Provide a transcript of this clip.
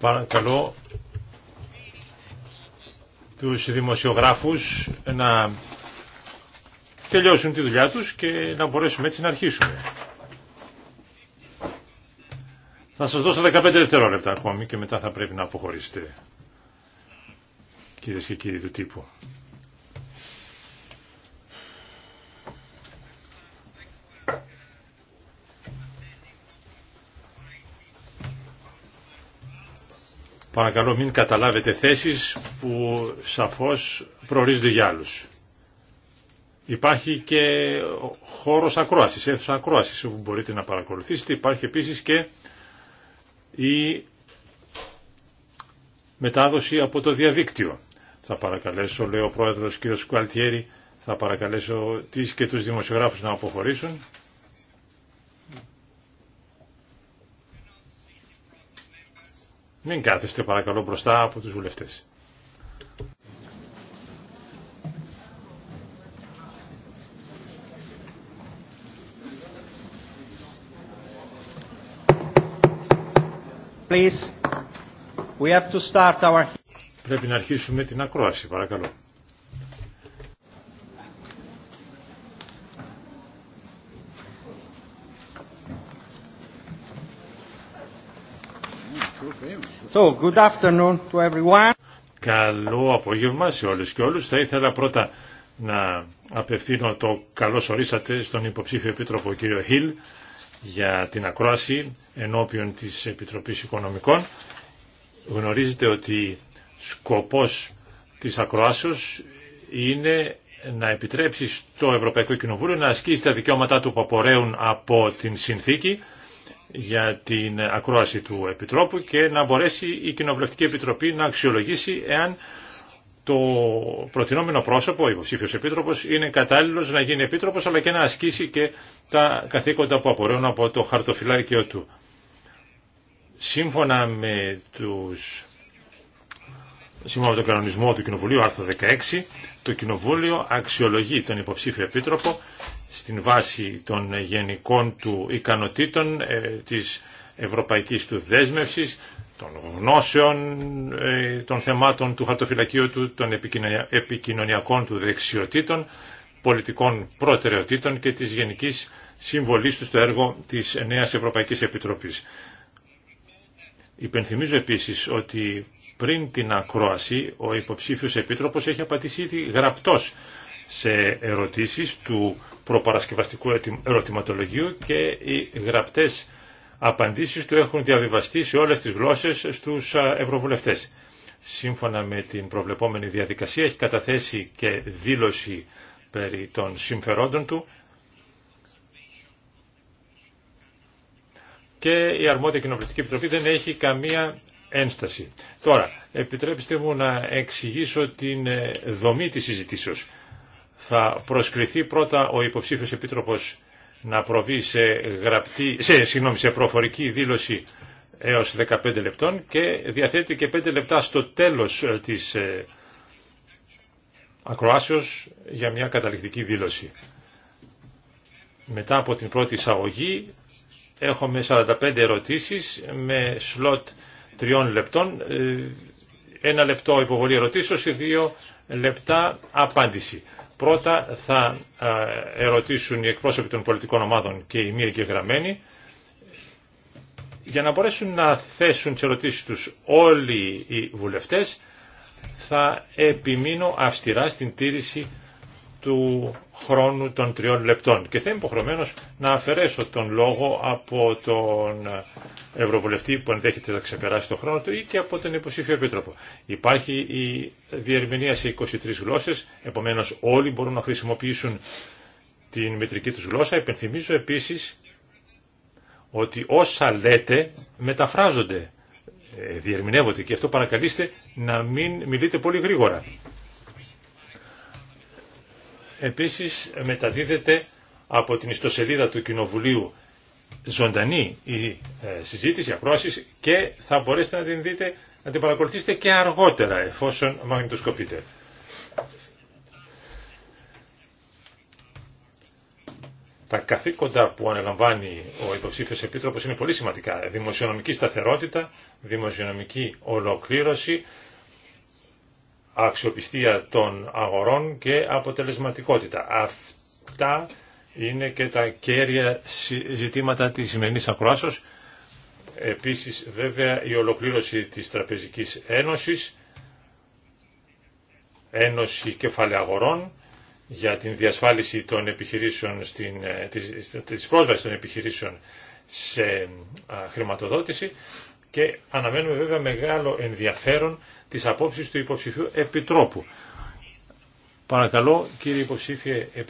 Παρακαλώ τους δημοσιογράφους να τελειώσουν τη δουλειά τους και να μπορέσουμε έτσι να αρχίσουμε. Θα σας δώσω 15 δευτερόλεπτα ακόμη και μετά θα πρέπει να αποχωρήσετε, κυρίες και κύριοι του τύπου. Παρακαλώ μην καταλάβετε θέσεις που σαφώς προορίζονται για άλλους. Υπάρχει και χώρος ακρόασης, αίθουσα ακρόασης όπου μπορείτε να παρακολουθήσετε. Υπάρχει επίσης και η μετάδοση από το διαδίκτυο. Θα παρακαλέσω, λέει ο πρόεδρος κ. Σκουαλτιέρη, θα παρακαλέσω τις και τους δημοσιογράφους να αποχωρήσουν. Μην κάθεστε παρακαλώ μπροστά από τους βουλευτές. Please. We have to start our... Πρέπει να αρχίσουμε την ακρόαση, παρακαλώ. So, good afternoon to everyone. Καλό απόγευμα σε όλου και όλου. Θα ήθελα πρώτα να απευθύνω το καλό ορίσατε στον υποψήφιο επίτροπο κύριο Χιλ για την ακρόαση ενώπιον της Επιτροπής Οικονομικών. Γνωρίζετε ότι σκοπός της ακροάσεως είναι να επιτρέψει στο Ευρωπαϊκό Κοινοβούλιο να ασκήσει τα δικαιώματά του που απορρέουν από την συνθήκη για την ακρόαση του Επιτρόπου και να μπορέσει η Κοινοβουλευτική Επιτροπή να αξιολογήσει εάν το προτινόμενο πρόσωπο, ο υποψήφιος Επίτροπος, είναι κατάλληλος να γίνει Επίτροπος αλλά και να ασκήσει και τα καθήκοντα που απορρέουν από το χαρτοφυλάκιο του. Σύμφωνα με τους σύμφωνα με τον κανονισμό του Κοινοβουλίου, άρθρο 16, το Κοινοβούλιο αξιολογεί τον υποψήφιο επίτροπο στην βάση των γενικών του ικανοτήτων, ε, της ευρωπαϊκής του δέσμευσης, των γνώσεων, ε, των θεμάτων του χαρτοφυλακίου του, των επικοινωνιακών του δεξιοτήτων, πολιτικών προτεραιοτήτων και της γενικής συμβολής του στο έργο της νέας Ευρωπαϊκής Επιτροπής. Υπενθυμίζω επίσης ότι πριν την ακρόαση ο υποψήφιος επίτροπος έχει απαντήσει ήδη γραπτός σε ερωτήσεις του προπαρασκευαστικού ερωτηματολογίου και οι γραπτές απαντήσεις του έχουν διαβιβαστεί σε όλες τις γλώσσες στους ευρωβουλευτές. Σύμφωνα με την προβλεπόμενη διαδικασία έχει καταθέσει και δήλωση περί των συμφερόντων του και η αρμόδια κοινοβουλευτική επιτροπή δεν έχει καμία ένσταση. Τώρα, επιτρέψτε μου να εξηγήσω την ε, δομή της συζητήσεως. Θα προσκληθεί πρώτα ο υποψήφιος επίτροπος να προβεί σε, γραπτή, σε, συγγνώμη, σε προφορική δήλωση έως 15 λεπτών και διαθέτει και 5 λεπτά στο τέλος ε, της ε, ακροάσεως για μια καταληκτική δήλωση. Μετά από την πρώτη εισαγωγή έχουμε 45 ερωτήσεις με σλότ τριών λεπτών, ε, ένα λεπτό υποβολή ερωτήσεως ή δύο λεπτά απάντηση. Πρώτα θα ε, ερωτήσουν οι εκπρόσωποι των πολιτικών ομάδων και οι μη εγγεγραμμένοι για να μπορέσουν να θέσουν τις ερωτήσεις τους όλοι οι βουλευτές θα επιμείνω αυστηρά στην τήρηση του χρόνου των τριών λεπτών και θα είμαι υποχρεωμένο να αφαιρέσω τον λόγο από τον Ευρωβουλευτή που ενδέχεται να ξεπεράσει τον χρόνο του ή και από τον υποψήφιο επίτροπο. Υπάρχει η διερμηνία σε 23 γλώσσες, επομένως όλοι μπορούν να χρησιμοποιήσουν την μετρική τους γλώσσα. Επενθυμίζω επίσης ότι όσα λέτε μεταφράζονται, ε, διερμηνεύονται και αυτό παρακαλείστε να μην μιλείτε πολύ γρήγορα. Επίσης μεταδίδεται από την ιστοσελίδα του Κοινοβουλίου ζωντανή η ε, συζήτηση, η ακρόαση και θα μπορέσετε να την δείτε, να την παρακολουθήσετε και αργότερα εφόσον μαγνητοσκοπείτε. Τα καθήκοντα που αναλαμβάνει ο υποψήφιο επίτροπος είναι πολύ σημαντικά. Δημοσιονομική σταθερότητα, δημοσιονομική ολοκλήρωση, αξιοπιστία των αγορών και αποτελεσματικότητα. Αυτά είναι και τα κέρια ζητήματα της σημερινής ακροάσεως. Επίσης βέβαια η ολοκλήρωση της Τραπεζικής Ένωσης, Ένωση Κεφαλαίου Αγορών για την διασφάλιση των επιχειρήσεων στην, ε, της, της πρόσβασης των επιχειρήσεων σε ε, χρηματοδότηση και αναμένουμε βέβαια μεγάλο ενδιαφέρον της απόψεις του υποψηφίου Επιτρόπου. Παρακαλώ κύριε υποψήφιε Επιτρόπου.